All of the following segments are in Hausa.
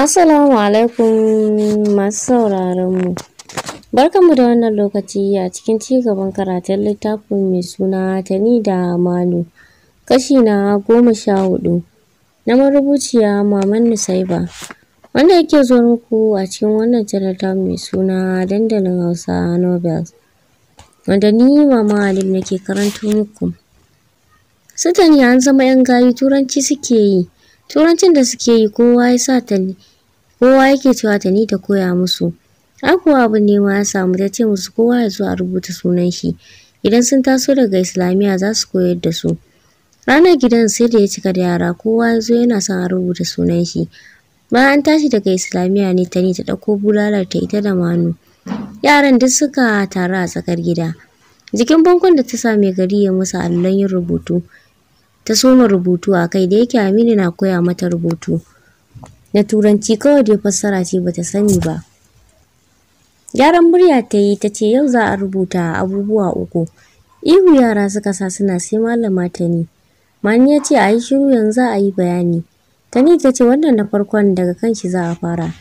Assalamu alaikum masu sauraron mu. Barka mu da wannan lokaci a cikin cigaban karatun littafin mai suna Tani da Malu, kashi na goma sha hudu na marubuciya Maman Nusaiba, wanda yake zo muku a cikin wannan jarata mai suna dandalin Hausa Nobel, wanda ni Mama Alim nake karanto muku. Sutani an zama 'yan gayi turanci suke yi. Turancin da suke yi kowa ya sa ta kowa yake cewa ta ni ta koya musu. Ai kuwa abin nema ya samu ta ce musu kowa ya zo a rubuta sunan shi. Idan sun taso daga Islamiyya za su koyar da su. Ranar gidan sai da ya cika da yara kowa ya zo yana son a rubuta sunan shi. Bayan an tashi daga Islamiyya ne ta ni ta ɗauko bulalar ta ita da Manu. Yaran duk suka taru a tsakar gida. Jikin bankon da ta same gari ya musu allon yin rubutu. ta soma rubutu a kai da yake Aminu na koya mata rubutu na turanci kawai dai fassara ce bata sani ba gyaran murya ta yi ta ce yau za a rubuta abubuwa uku ihu yara suka sa suna sai malama ta tani mani ya ce a yi shiru yanzu za a yi bayani Ta ni ta ce wannan na farkon daga kan shi za a fara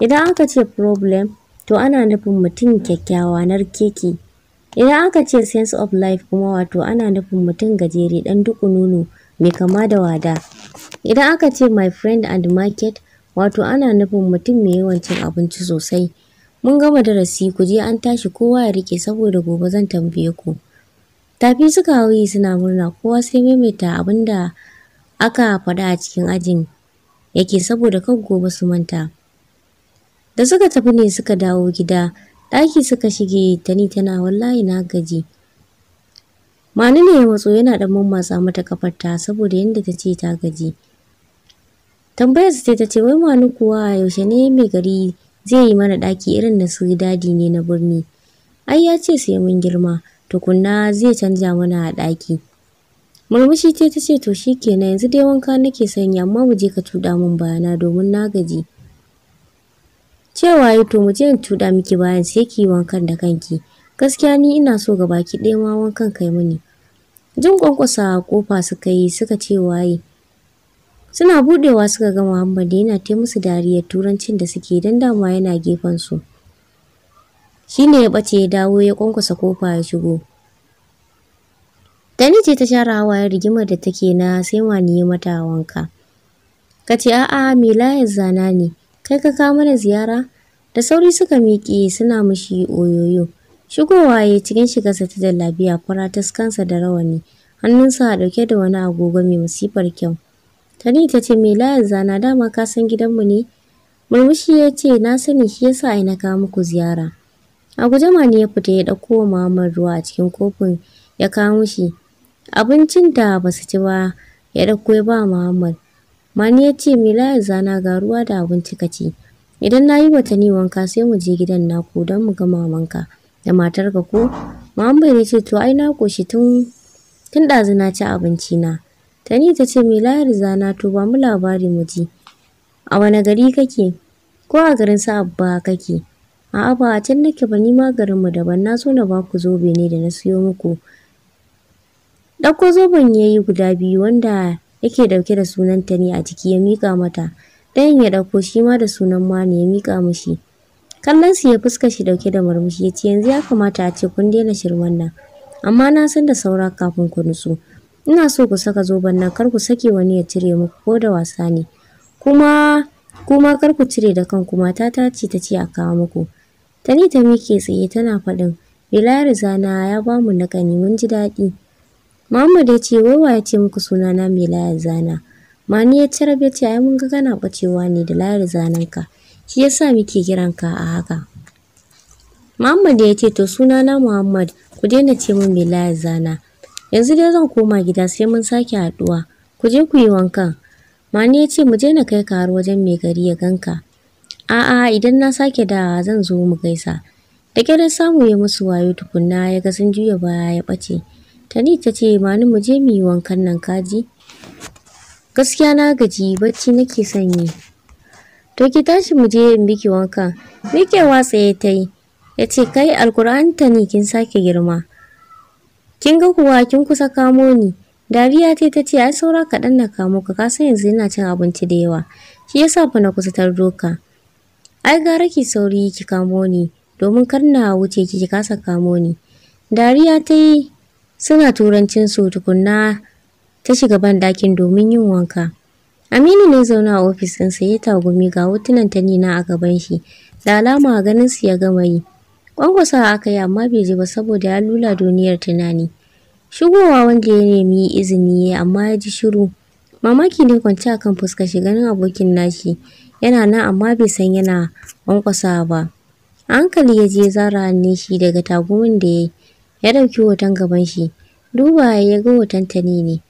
idan aka ce problem to ana nufin mutum kyakkyawa narkeke Idan aka ce sense of life kuma wato ana nufin mutum gajere dan duku-nono mai kama da wada. Idan aka ce my friend and market wato ana nufin mutum mai yawan cin abinci sosai. Mun gama darasi ku je an tashi kowa ya rike saboda gobe zan tambaye ku. Tafi suka hau yi suna murna kowa sai maimaita abin da aka faɗa a cikin ajin yake saboda kan gobe su manta. Da suka tafi ne suka dawo gida Ɗaki suka shige ta ni tana wallahi na gaji. Mani ne ya matso, yana ɗan mammatsa mata kafarta saboda yadda ta ce ta gaji. Tambayar su ta ce wai mani kuwa yaushe ne mai gari zai yi mana ɗaki irin na su dadi ne na birni. Ai ya ce sai mun girma tukunna zai canja mana a ɗaki. Murmushi ce ta ce to shikenan yanzu dai wanka nake sanya amma mu je ka tuɗa mun bayana domin na gaji. Cewa ya to mu je in tuda miki bayan sai ki wankan da kanki. Gaskiya ni ina so ga baki ɗaya ma wankan kai mini. Jin kwankwasa kofa suka yi suka ce waye. Suna budewa suka ga Muhammad yana ta musu dariyar turancin da suke dan dama yana gefen su. Shine ya bace ya dawo ya kwankwasa kofa ya shigo. Dani ce ta share hawayen rigimar da take na sai ma ni mata wanka. Kace a'a me layin zana ne. kai ka kawo mana ziyara da sauri suka miƙe suna mushi oyoyo shigowa ya cikin shigarsa ta jallabiya fara taskansa da rawani hannunsa a ɗauke da wani agogo mai masifar kyau tani ta ce mai layar zana dama ka san gidanmu ne murmushi ya ce na sani shi yasa ai na kawo muku ziyara a guje ne ya fita ya ɗauko wa mamar ruwa a cikin kofin ya kawo mishi abincin da ba su ci ba ya ɗauko ya ba Muhammad Mani ya ce, Me layar zana ga ruwa da abinci kace Idan na yi Tani wanka sai mu je gidan naku don mu ga mamanka da matar matarka ko? Muhammad ya ce, To ai na koshi tun tun ɗazu na ci abinci na. Tani ta ce, Me layar zana to ba mu labari mu ji. A wane gari kake? Ko a garin sa, Abba kake? A'a ba a can nake ba ni ma garinmu daban na so na ba ku zobe ne da na siyo muku. Ɗauko zoben ya yi guda biyu wanda yake dauke da sunan ta ne a jiki ya mika mata ɗayan ya ɗauko shi ma da sunan mani ya mika mishi kallon su ya fuska shi dauke da murmushi ya yanzu ya kamata a ce kun daina shirman nan amma na san da saura kafin ku nutsu ina so ku saka zoben nan kar ku sake wani ya cire muku ko da wasa ne kuma kuma kar ku cire da kanku matata ce ta ce a kawo muku tani ta mike tsaye tana faɗin Bilal zana ya ba mu kani mun ji daɗi. Muhammad ya ce wai wa ya ce muku na mai layar zana. Mani ya ci rabe ce ai mun ga kana bacewa ne da layar ka Shi yasa muke ka a haka. Muhammad ya ce to sunana Muhammad ku daina ce mun mai layar zana. Yanzu dai zan koma gida sai mun sake haɗuwa. Ku je ku yi wankan. Mani ya ce mu je na kai ka har wajen mai gari ya ganka. A'a idan na sake dawa zan zo mu gaisa. Da kyar samu ya musu wayo tukunna ya ga sun juya baya ya ɓace. Tani ta ce bani mu je mu yi wankan nan kaji. Gaskiya na gaji bacci nake son yi. To ki tashi mu je in biki wanka. watsa tsaye ta yi. Ya ce kai alkur'an ne, kin sake girma. Kin ga kuwa kin kusa kamo ni. Dariya ta ta ce ai saura kaɗan na kamo ka ka san yanzu ina cin abinci da yawa. Shi yasa fa na kusa tardo ka. Ai gara ki sauri ki kamo ni domin kar na wuce ki ki kasa kamo ni. Dariya ta yi Suna turancin su tukunna ta shiga banɗakin domin yin wanka. Aminu ne zaune a ofis ɗinsa ya tagumi ga hotunan ta nina a gaban shi. Da alama ganin su ya gama yi. Kwankwasa aka yi amma bai ji ba saboda ya lula duniyar tunani. Shigowa wanda ya nemi izini ya amma ya ji shiru. Mamaki ne kwance a kan fuska shi ganin abokin nashi. Yana nan amma bai san yana kwankwasa ba. A hankali ya je zara ne shi daga tagumin da ya yi. ya ɗauki hoton gaban shi duba ya ga hoton tani ne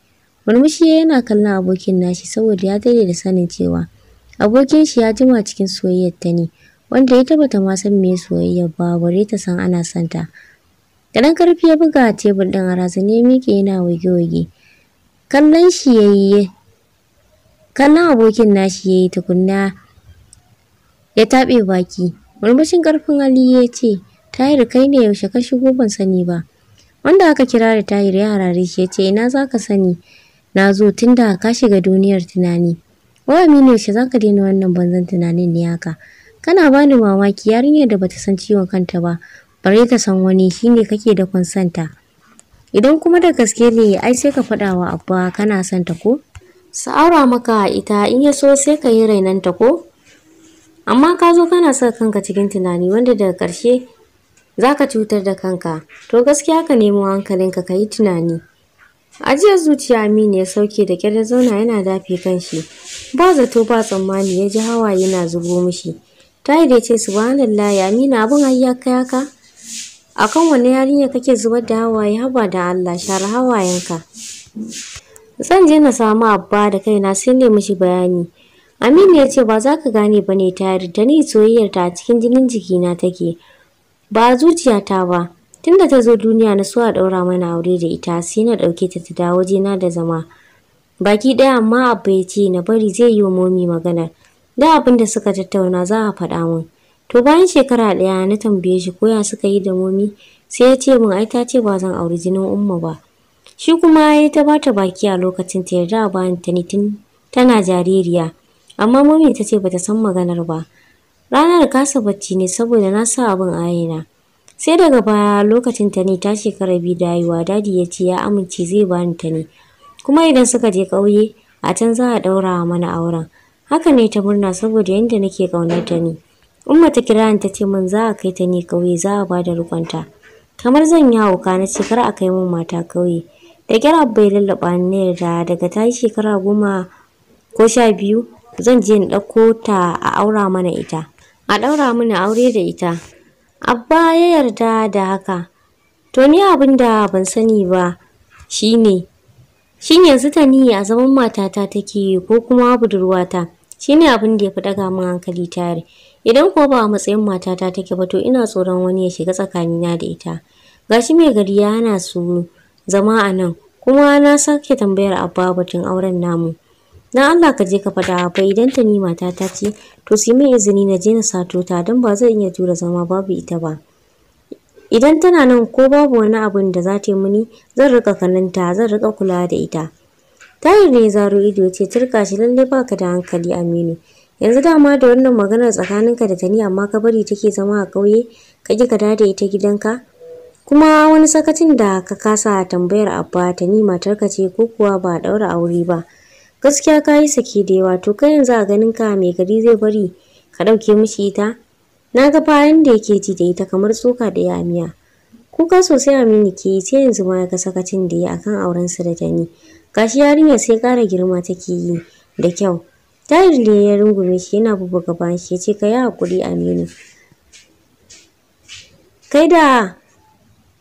murmushi yana kallon abokin nashi saboda ya daɗe da sanin cewa abokin shi ya jima cikin soyayyar ta tani wanda ya tabbata ma san me soyayyar ba bare ta san ana son ta da ƙarfi karfi ya buga a tebur ɗin a razane miƙe yana wage-wage kallon shi ya yi kallon abokin nashi ya yi tukunna ya taɓe baki murmushin ƙarfin hali ya ce Tahir kai ne yaushe ka shigo ban sani ba. Wanda aka kira da Tahir ya harare shi ya ce ina za ka sani na zo tun da ka shiga duniyar tunani. Wa Aminu yaushe za ka daina wannan banzan tunanin ne haka. Kana bani mamaki yarinyar da bata san ciwon kanta ba bare ta san wani shine kake da santa. Idan kuma da gaske ne ai sai ka faɗa wa abba kana son ta ko? Sa'ara maka ita in ya so sai ka yi rainanta ko? Amma ka zo kana sa kanka cikin tunani wanda daga ƙarshe za ka cutar da kanka to gaskiya ka nemo hankalinka ka yi tunani ajiyar zuciya aminu ya sauke da ƙyar zauna yana dafe shi. ba zato ba tsammani ya ji hawa yana zubo mishi tayi da ce subhanallah aminu abin hayyaka yaka akan wani yarinya kake zubar da hawaye haba da Allah share hawayenka zan je na samu abba da kaina sai ne mishi bayani Aminu ya ce ba za ka gane ba ne ta yarda ni soyayyar ta cikin jinin jikina take ba zuciyata ba tunda ta zo duniya na so a ɗaura mana aure da ita sai na ɗauke ta ta dawo jina da zama baki ɗaya amma abu ya ce na bari zai yi wa momi magana, da abin da suka tattauna za a faɗa mun to bayan shekara ɗaya na tambaye shi ko ya suka yi da momi sai ya ce min ai ta ce ba zan auri jinin umma ba shi kuma ya ta bata baki a lokacin ta yarda a bayan ta ni tun tana jaririya amma momi ta ce bata san maganar ba Ranar kasa bacci ne saboda na sa abin a Sai daga baya lokacin ta ne ta shekara biyu da haihuwa dadi ya ce ya amince zai bani ta ne. Kuma idan suka je ƙauye a can za a ɗaura mana auren. Haka ne ta murna saboda yadda nake ƙaunar ta ne. Umma ta kira ni ta ce min za a kai ta ne ƙauye za a bada rukonta. Kamar zan yi hauka na ce kar a kai min mata ƙauye. Da kyar Abba ya lallaɓa ni na yarda, daga ta yi shekara goma ko sha biyu zan je in ɗauko ta a aura mana ita. a ɗaura mini aure da ita. Abba ya yarda da haka. To ni abin da ban sani ba shine shin yanzu ta ni a zaman matata take ko kuma budurwata Shi ne abin da ya fi ɗaga min hankali tare. Idan ko ba a matsayin matata take ba to ina tsoron wani ya shiga tsakanina da ita. Gashi mai gari ya hana su zama a nan kuma na sake tambayar Abba batun auren namu. na Allah ka je ka faɗa ba idan ta ni mata ta ce to su min izini na je na sato ta dan ba zai iya tura zama babu ita ba idan tana nan ko babu wani abin da za ta yi muni zan rika kaninta zan rika kula da ita tayar ne zaro ido ce turka shi lalle baka da hankali aminu yanzu dama da wannan maganar tsakaninka da tani amma ka bari take zama a ƙauye ka ji ka dada ita gidanka kuma wani sakacin da ka kasa tambayar abba ta ni matarka ce ko kuwa ba daura aure ba gaskiya ka yi saki da yawa to kai yanzu a ganin ka mai gari zai bari ka ɗauke mishi ita na ga bayan da yake ji da ita kamar tsoka da ya miya kuka sosai aminu ke yi sai yanzu ma ya ga sakacin da ya akan auren su da tani gashi yarinyar sai ƙara girma take yi da kyau tahir da ya rungume shi yana bubbuga bayan shi ya ce ka yi haƙuri aminu kai da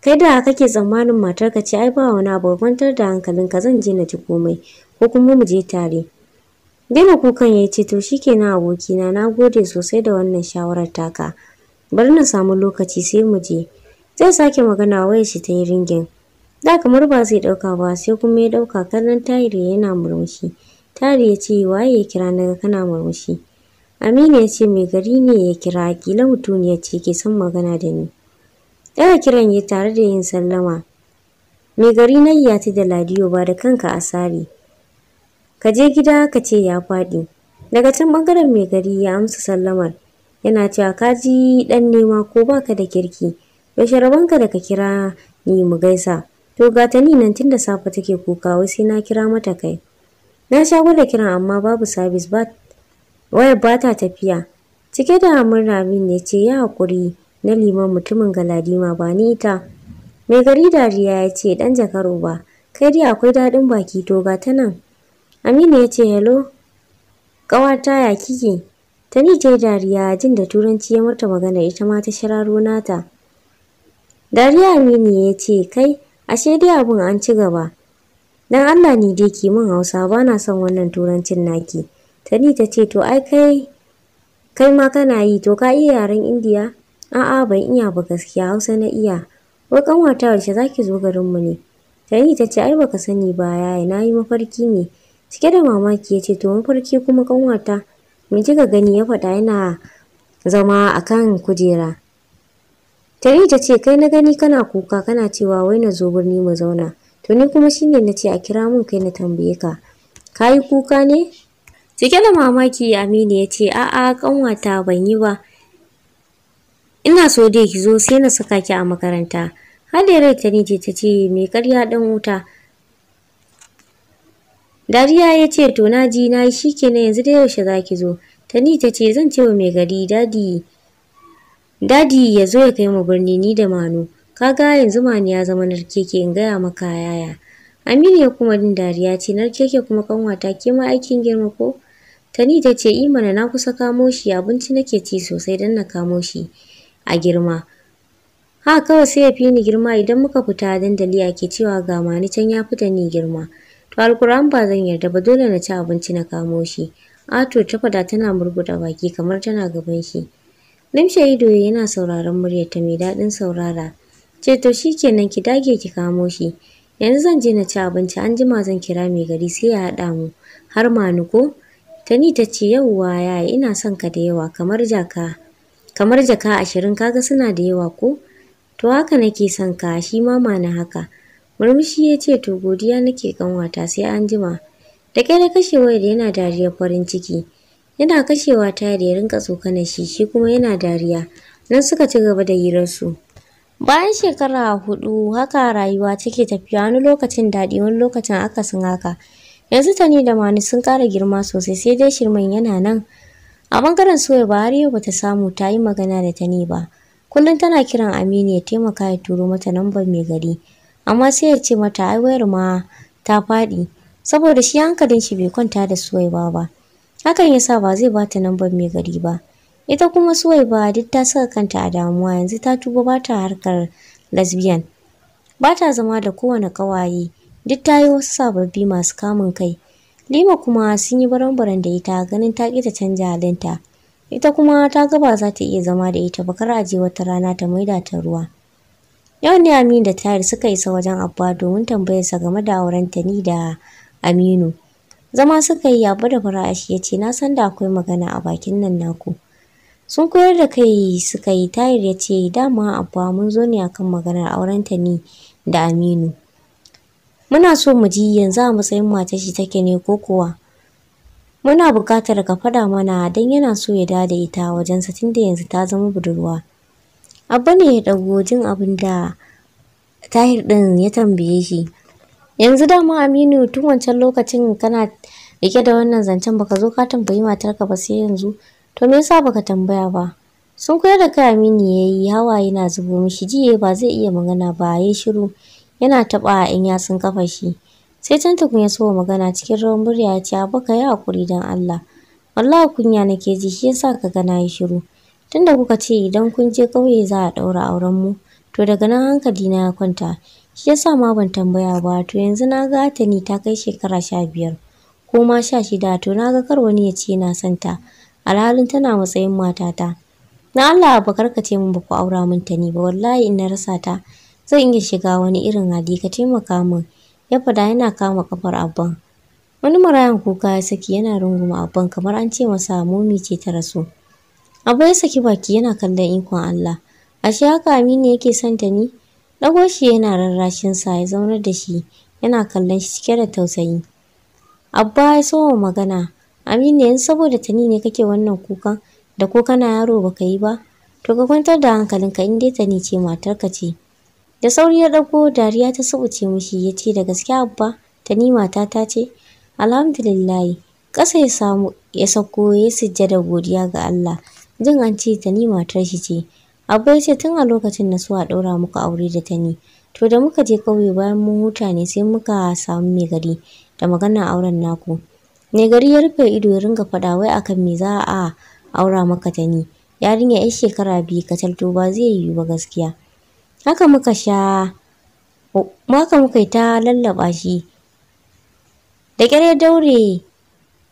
kai da kake tsammanin matarka ce ai ba wani abu kwantar da hankalinka zan je na ji komai ko kuma mu je tare daina kukan ya ce to shikenan abokina na gode sosai da wannan shawarar taka bari na samu lokaci sai mu je zai sake magana wayar shi ta yi ringin da kamar ba zai dauka ba sai kuma ya dauka kallon tayiri yana murmushi Tahir ya ce waye ya kira naga kana murmushi aminu ya ce mai gari ne ya kira kila mutuniya ce ke son magana da ni ɗaya kiran ya tare da yin sallama mai gari na ta da ladiyo ba da kanka a asari ka je gida ka ce ya faɗi daga can ɓangaren mai gari ya amsa sallamar yana cewa ka ji ɗan nema ko baka da kirki yaushe ka da ka kira ni mu gaisa to ga ta ni nan tunda safe take kuka wai sai na kira mata kai na sha gwada kiran amma babu sabis ba waya ba ta tafiya cike da murna min ne ce ya haƙuri na liman mutumin galadima ba ni ita mai gari dariya ya ce ɗan jakaro ba kai dai akwai daɗin baki to ga ta nan Aminu ya ce hello. Ƙawata ya kike? Tani ta yi dariya jin da turanci ya murta magana ita ma ta shiraro nata. Dariya Aminu ya ce kai ashe dai abin an ci gaba. Dan Allah ni dai ki min Hausa ba na son wannan turancin naki. Tani ta ce to ai kai kai ma kana yi to ka iya yaren Indiya? A'a ban iya ba gaskiya Hausa na iya. Wai ƙanwata yaushe zaki zo garinmu ne? Tani ta ce ai baka sani ba yaya na yi mafarki ne. Cike da mamaki ya ce, To mafarki kuma ƙanwata, me kika gani ya faɗa yana zama a kan kujera. Tare ta ce, Kai na gani kana kuka kana cewa wai na zo birni mu zauna. To ni kuma shine na ce a kira mun kai na tambaye ka. Ka yi kuka ne? Cike da mamaki Aminu ya ce, A'a kanwata ban yi ba. Ina so dai ki zo sai na saka ki a makaranta. Hadirai ta ce ta ce, Me karya ɗan wuta?' Dariya ya ce to na ji na yi shikenan yanzu da yaushe za ki zo. Tani ta ce zan ce wa mai gari dadi dadi ya zo ya kai mu birni ni da Manu. Kaga yanzu Mani ya zama narkeke in gaya maka yaya. Aminu ya kuma din dariya ce narkeke kuma kanwata ke ma aikin girma ko? Tani ta ce imana na kusa kamo shi abinci nake ci sosai dan na kamo shi a girma. Ha kawai sai ya fi ni girma idan muka fita dandali ake cewa ga mani can ya fita ni girma. alkur'an ba zan yarda ba dole na ci abinci na kamo shi. Ato ta fada tana murguda baki kamar tana gaban shi. Limshe ido yana sauraron muryar ta mai daɗin saurara. Ce to shikenan ki dage ki kamo shi. Yanzu zan je na ci abinci an jima zan kira mai gari sai ya haɗa mu. Har ma ni ko? Tani ta ce yauwa yaya ina son ka da yawa kamar jaka. Kamar jaka ashirin kaga suna da yawa ko? To haka nake son ka shi ma na haka. Murmushi ya ce to godiya nake kanwata sai an jima. Da kai na kashe wayar yana dariyar farin ciki. Yana kashewa tayar ya rinka na shi shi kuma yana dariya. Nan suka ci gaba da hirarsu. Bayan shekara hudu haka rayuwa take tafiya wani lokacin daɗi wani lokacin akasin haka. Yanzu Tani da mani sun ƙara girma sosai sai dai shirman yana nan. A bangaren soya ba har yau bata samu ta yi magana da Tani ba. Kullum tana kiran Aminu ya taimaka ya turo mata lambar mai gari. amma sai ya ce mata ai wayar ma ta faɗi saboda shi hankalin shi bai kwanta da suwaiba ba hakan yasa ba zai bata lambar mai gari ba ita kuma suwaiba duk ta saka kanta a damuwa yanzu ta tuba bata harkar lesbian bata zama da kowane ƙawaye duk ta yi wasu sababbi masu kamun kai lima kuma sun yi baran-baran da ita ganin ta ƙi ta canja halinta ita kuma ta ga ba za ta iya zama da ita ba kar a wata rana ta maida ta ruwa Yau ne Aminu da Tahir suka isa wajen Abba domin tambayarsa game da auren Tani da Aminu. Zama suka yi abu da shi ya ce na san da akwai magana a bakin nan naku. Sun koyar da kai suka yi Tahir ya ce dama Abba mun zo ne akan maganar auren Tani da Aminu. Muna so mu ji yanzu a matsayin mace shi take ne ko kuwa. Muna buƙatar ka faɗa mana don yana so ya dawo da ita wajensa tunda yanzu ta zama budurwa. Abba ne ya gojin jin abin da Tahir ɗin ya tambaye shi. Yanzu dama Aminu tun wancan lokacin kana rike da wannan zancen baka zo ka tambayi matarka ba sai yanzu. To me yasa baka tambaya ba? Sun koyar da kai Aminu yayi hawaye na zubo mishi jiye ba zai iya magana ba yayi shiru yana taɓa in ya sun kafa shi. Sai can tukun ya so magana cikin rawan murya ya ce ka yi hakuri don Allah. Wallahi kunya nake ji shi yasa ka gana shiru. tunda kuka ce idan kun je ƙauye za a ɗaura auren mu to daga nan hankali na ya kwanta shi yasa ma ban tambaya ba to yanzu na ga Atani ta kai shekara sha biyar ko ma sha shida to na ga kar wani ya ce na son ta alhalin tana matsayin matata na Allah ba karkace min ba ku aura min ta ni ba wallahi in na rasa ta zan iya shiga wani irin hali ka taimaka min ya fada yana kama kafar abban wani marayan kuka ya saki yana runguma abban kamar an ce masa momi ce ta rasu Abu ya saki baki yana kallon ikon Allah. Ashe haka Aminu yake son ta ni? Dago shi yana rarrashin sa ya zaunar da shi yana kallon shi cike da tausayi. Abba ya so magana. Aminu yanzu saboda tani ne kake wannan kukan da ko kana yaro baka yi ba? To ka kwantar da hankalinka in dai tani ce matarka ce. Da sauri ya ɗauko dariya ta subuce mishi ya ce da gaske abba tani ta ce. Alhamdulillahi. Ƙasa ya samu ya sako ya sujjada godiya ga Allah. jin an ce tani matar shi ce abu ya ce tun a lokacin na so a ɗaura muka aure da tani to da muka je ƙauye bayan mun huta ne sai muka samu mai gari da magana auren naku mai gari ya rufe ido ya ringa faɗa wai akan me za a aura maka tani yarinya yar shekara biyu ka to ba zai yiwu ba gaskiya haka muka sha maka muka yi ta lallaɓa shi da ƙyar ya daure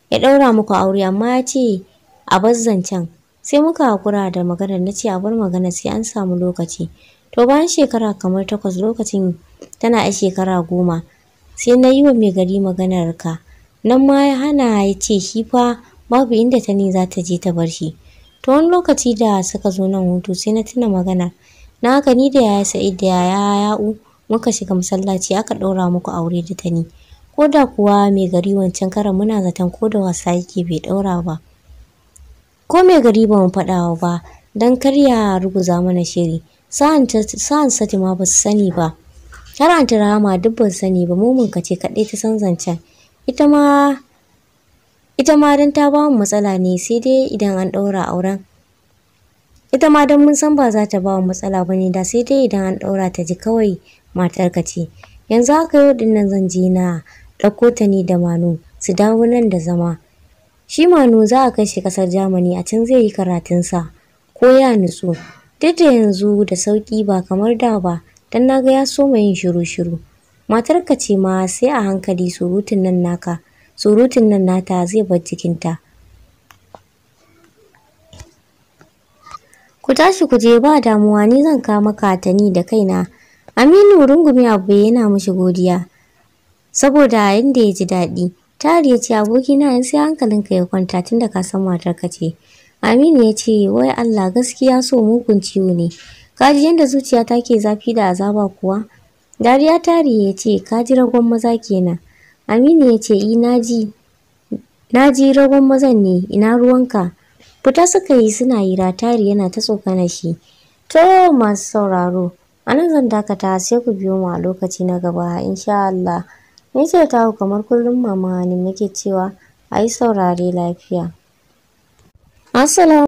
ya ɗaura muku aure amma ya ce a bazzan can sai muka hakura da magana, na ce a bar magana sai an samu lokaci to bayan shekara kamar takwas lokacin tana a shekara goma sai na yi wa mai gari maganar ka nan ma ya hana ya ce shi fa babu inda ta ne za ta je ta bar shi to wani lokaci da suka zo nan hutu sai na tuna magana. na haka ni da yaya sa'id da yaya ya'u muka shiga masallaci aka ɗaura muku aure da ta ni ko da kuwa mai gari wancan karan muna zaton ko da wasa yake bai ɗaura ba ko mai gari ba mu faɗawa ba don karya ruguza mana shiri sa'an sati ma ba su sani ba Har an rahama duk ban sani ba mun kace kaɗai ta san zancen ita ma don ta ba mu matsala ne sai dai idan an ɗaura auren ita ma don mun san ba za ta ba mu matsala ba ne da sai dai idan an ɗaura ta ji kawai matar ka ce yanzu haka yau dinnan zan je na ɗauko ta ni da manu su dawo nan da zama Shi Manu za a kai shi ƙasar Jamani a can zai yi karatunsa ko ya nutsu. Duk da yanzu da sauƙi ba kamar da ba don na ga ya so soma yin shiru-shiru. matar ka ce ma sai a hankali surutun nan naka, surutun nan nata zai bar jikinta. Ku tashi ku je ba damuwa ni zan kawo maka ni da kaina. Aminu rungumi abu yana mishi godiya saboda yanda ya ji daɗi. Tari ya ce abokina yanzu hankalinka ya kwanta tun da ka san matarka ce. Aminu ya ce wai Allah gaskiya so mugun ciwo ne. Kaji yanda zuciya ta ke zafi da azaba kuwa. Dariya tari ya ce ka ji ragon maza kenan. Aminu ya ce i naji. ji ragon mazan ne ina ruwanka. Fita suka yi suna hira tari yana ta tsokana shi. To masu sauraro, a zan dakata sai ku biyo mu a lokaci na gaba insha Allah. Ni ce taku kamar kullum Mama ne nake cewa ai saurare lafiya. Assalamu